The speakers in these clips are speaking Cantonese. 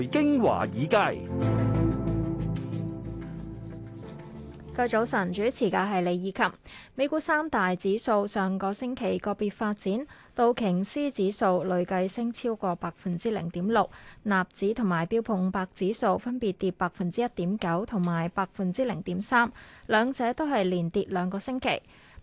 財經華爾街。今日早晨，主持嘅係李以琴。美股三大指數上個星期個別發展，道瓊斯指數累計升超過百分之零點六，納指同埋標普五百指數分別跌百分之一點九同埋百分之零點三，兩者都係連跌兩個星期。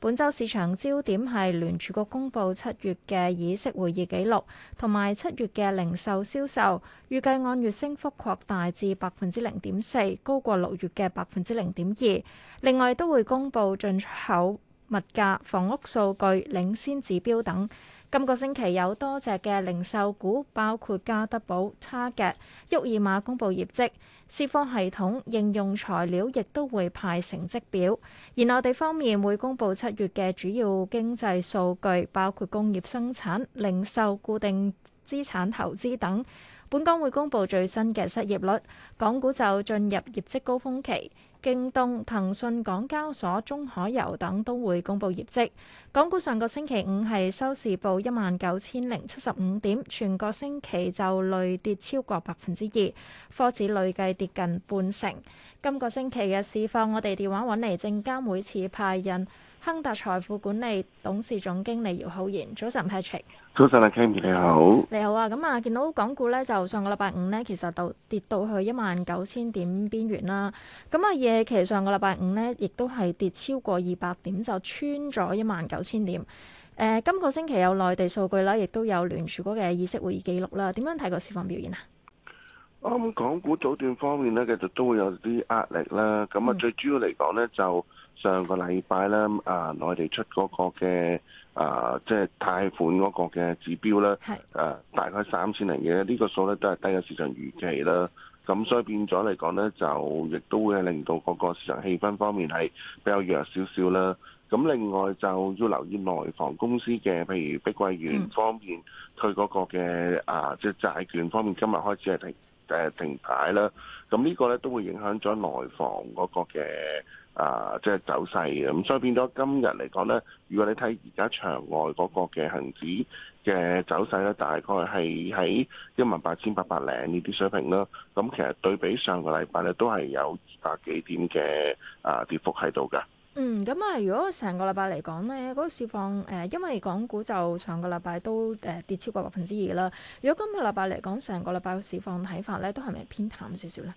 本周市場焦點係聯儲局公布七月嘅議息會議記錄，同埋七月嘅零售銷售，預計按月升幅擴大至百分之零點四，高過六月嘅百分之零點二。另外都會公布進口物價、房屋數據、領先指標等。今個星期有多隻嘅零售股，包括家得寶、差價、沃爾瑪公佈業績，思科系統、應用材料亦都會派成績表。而內地方面會公佈七月嘅主要經濟數據，包括工業生產、零售、固定資產投資等。本港會公布最新嘅失業率，港股就進入業績高峰期，京東、騰訊、港交所、中海油等都會公布業績。港股上個星期五係收市報一萬九千零七十五點，全個星期就累跌超過百分之二，科指累計跌近半成。今個星期嘅市況，我哋電話揾嚟證監會次派人。亨達財富管理董事總經理姚浩然，早晨 Patrick，早晨阿 Kimi，你好，你好啊，咁啊，見到港股咧，就上個禮拜五咧，其實就跌到去一萬九千點邊緣啦。咁啊，夜期上個禮拜五咧，亦都係跌超過二百點，就穿咗一萬九千點。誒、呃，今個星期有內地數據啦，亦都有聯儲局嘅議息會議記錄啦，點樣睇個市況表現啊？啱、嗯，港股早段方面咧，其實都會有啲壓力啦。咁啊，最主要嚟講咧就。上個禮拜咧，啊，內地出嗰個嘅啊，即係貸款嗰個嘅指標咧，誒的、啊，大概三千零億嘅，呢、這個數咧都係低過市場預期啦。咁所以變咗嚟講咧，就亦都會令到嗰個市場氣氛方面係比較弱少少啦。咁另外就要留意內房公司嘅，譬如碧桂園方面，佢嗰、嗯、個嘅啊，即係債券方面，今日開始係停誒停牌啦。咁呢個咧都會影響咗內房嗰個嘅。啊，即、就、係、是、走勢嘅，咁、啊、所以變咗今日嚟講咧，如果你睇而家場外嗰個嘅恒指嘅走勢咧，大概係喺一萬八千八百零呢啲水平啦。咁、啊、其實對比上個禮拜咧，都係有二百幾點嘅啊跌幅喺度㗎。嗯，咁啊，如果成個禮拜嚟講咧，嗰、那個市況誒、呃，因為港股就上個禮拜都誒、呃、跌超過百分之二啦。如果今個禮拜嚟講，成個禮拜嘅市況睇法咧，都係咪偏淡少少咧？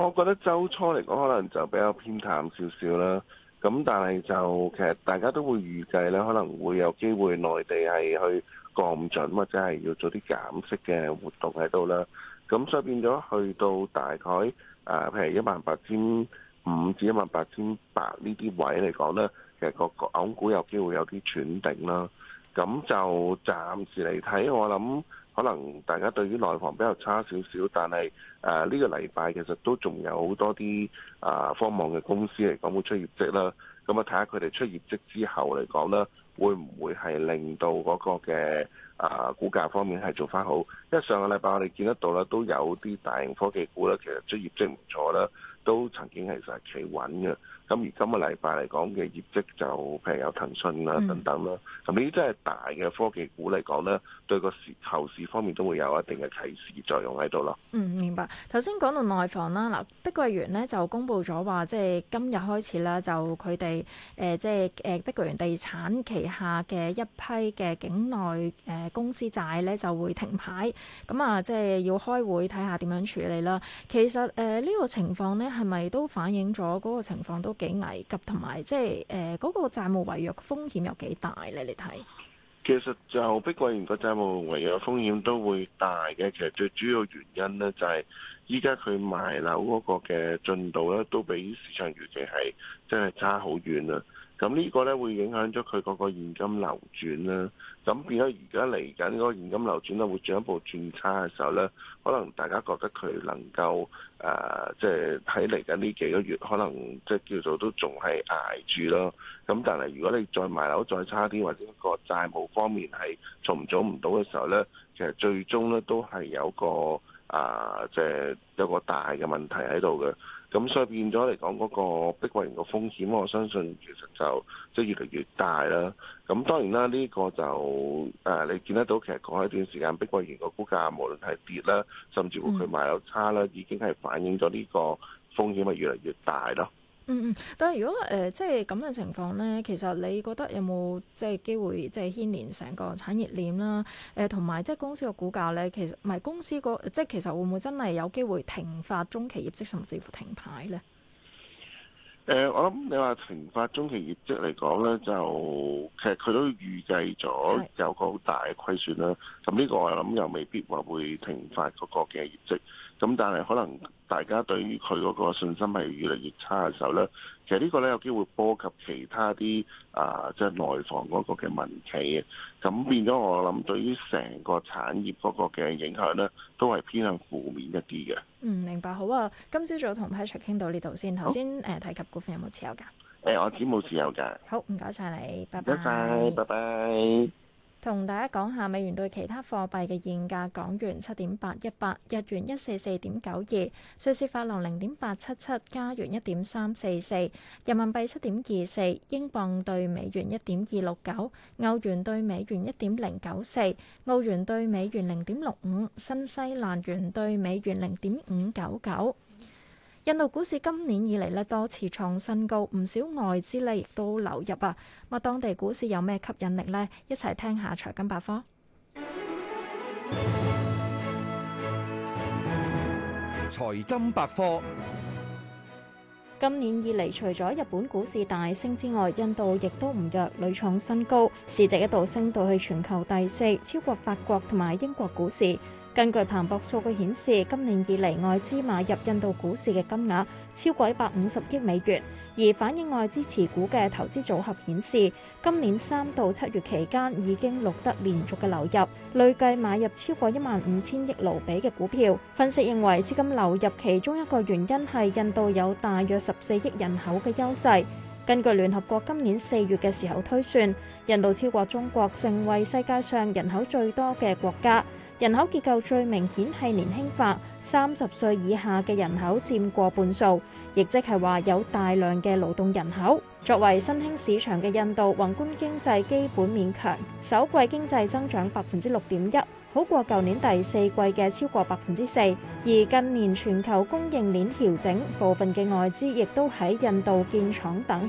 我覺得週初嚟講，可能就比較偏淡少少啦。咁但係就其實大家都會預計咧，可能會有機會內地係去降準或者係要做啲減息嘅活動喺度啦。咁所以變咗去到大概誒、呃，譬如一萬八千五至一萬八千八呢啲位嚟講咧，其實個港股有機會有啲喘定啦。咁就暫時嚟睇，我諗。可能大家對於內房比較差少少，但係誒呢個禮拜其實都仲有好多啲啊科網嘅公司嚟講會出業績啦。咁啊睇下佢哋出業績之後嚟講咧，會唔會係令到嗰個嘅啊、呃、股價方面係做返好？因為上個禮拜我哋見得到啦，都有啲大型科技股咧，其實出業績唔錯啦。都曾經其實係企穩嘅，咁而今個禮拜嚟講嘅業績就譬如有騰訊啦等等啦，咁呢啲都係大嘅科技股嚟講咧，對個市後市方面都會有一定嘅提示作用喺度咯。嗯，明白。頭先講到內房啦，嗱，碧桂園咧就公布咗話，即係今日開始啦，就佢哋誒即係誒碧桂園地產旗下嘅一批嘅境內誒公司債咧就會停牌，咁啊即係要開會睇下點樣處理啦。其實誒呢個情況咧。係咪都反映咗嗰個情況都幾危急，同埋即係誒嗰個債務違約風險有幾大咧？你睇，其實就碧桂園個債務違約風險都會大嘅。其實最主要原因咧就係依家佢賣樓嗰個嘅進度咧都比市場預期係真係差好遠啦。咁呢個咧會影響咗佢嗰個現金流轉啦，咁變咗而家嚟緊嗰個現金流轉咧會進一步轉差嘅時候咧，可能大家覺得佢能夠誒，即係喺嚟緊呢幾個月，可能即係叫做都仲係捱住咯。咁但係如果你再賣樓再差啲，或者個債務方面係做唔做唔到嘅時候咧，其實最終咧都係有個誒，即係有個大嘅問題喺度嘅。咁所以變咗嚟講，嗰個碧桂園個風險，我相信其實就即係越嚟越大啦。咁當然啦，呢個就誒你見得到，其實過去一段時間碧桂園個股價無論係跌啦，甚至乎佢賣樓差啦，已經係反映咗呢個風險係越嚟越大啦。嗯嗯，但係如果誒、呃、即係咁嘅情況咧，其實你覺得有冇即係機會即係牽連成個產業鏈啦？誒同埋即係公司嘅股價咧，其實唔係公司個即係其實會唔會真係有機會停發中期業績，甚至乎停牌咧？誒、呃，我諗你話停發中期業績嚟講咧，就其實佢都預計咗有個好大嘅虧損啦。咁呢是個我諗又未必話會停發嗰個嘅業績。咁但係可能大家對於佢嗰個信心係越嚟越差嘅時候咧，其實呢個咧有機會波及其他啲啊、呃，即係內房嗰個嘅民企啊，咁變咗我諗對於成個產業嗰個嘅影響咧，都係偏向負面一啲嘅。嗯，明白好啊。今朝早同 Patrick 傾到呢度先，頭先誒提及股份有冇持有㗎？誒、欸，我冇持有㗎。好，唔該晒你，拜拜。唔該，拜拜。同大家講下美元對其他貨幣嘅現價：港元七點八一八，日元一四四點九二，瑞士法郎零點八七七，加元一點三四四，人民幣七點二四，英鎊對美元一點二六九，歐元對美元一點零九四，澳元對美元零點六五，新西蘭元對美元零點五九九。印度股市今年以嚟呢多次創新高，唔少外資呢亦都流入啊！咁啊，當地股市有咩吸引力呢？一齊聽下財金百科。財金百科。今年以嚟，除咗日本股市大升之外，印度亦都唔弱，屢創新高，市值一度升到去全球第四，超過法國同埋英國股市。根據彭博數據顯示，今年以嚟外資買入印度股市嘅金額超過一百五十億美元。而反映外資持股嘅投資組合顯示，今年三到七月期間已經錄得連續嘅流入，累計買入超過一萬五千億盧比嘅股票。分析認為資金流入其中一個原因係印度有大約十四億人口嘅優勢。根據聯合國今年四月嘅時候推算，印度超過中國成為世界上人口最多嘅國家。人口結構最明顯係年輕化，三十歲以下嘅人口佔過半數，亦即係話有大量嘅勞動人口。作為新興市場嘅印度，宏觀經濟基本面強，首季經濟增長百分之六點一，好過舊年第四季嘅超過百分之四。而近年全球供應鏈調整，部分嘅外資亦都喺印度建廠等。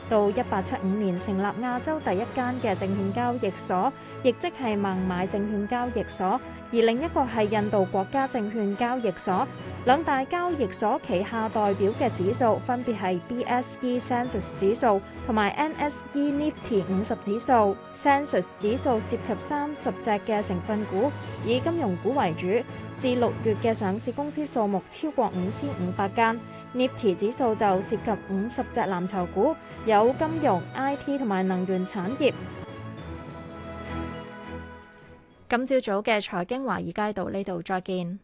到一八七五年成立亞洲第一間嘅證券交易所，亦即係孟買證券交易所，而另一個係印度國家證券交易所。兩大交易所旗下代表嘅指數分別係 BSE Sensex 指數同埋 NSE Nifty 五十指數。Sensex 指數涉及三十隻嘅成分股，以金融股為主，至六月嘅上市公司數目超過五千五百間。Nifty 指數就涉及五十隻藍籌股，有金融、IT 同埋能源產業。今朝早嘅財經華爾街到呢度，再見。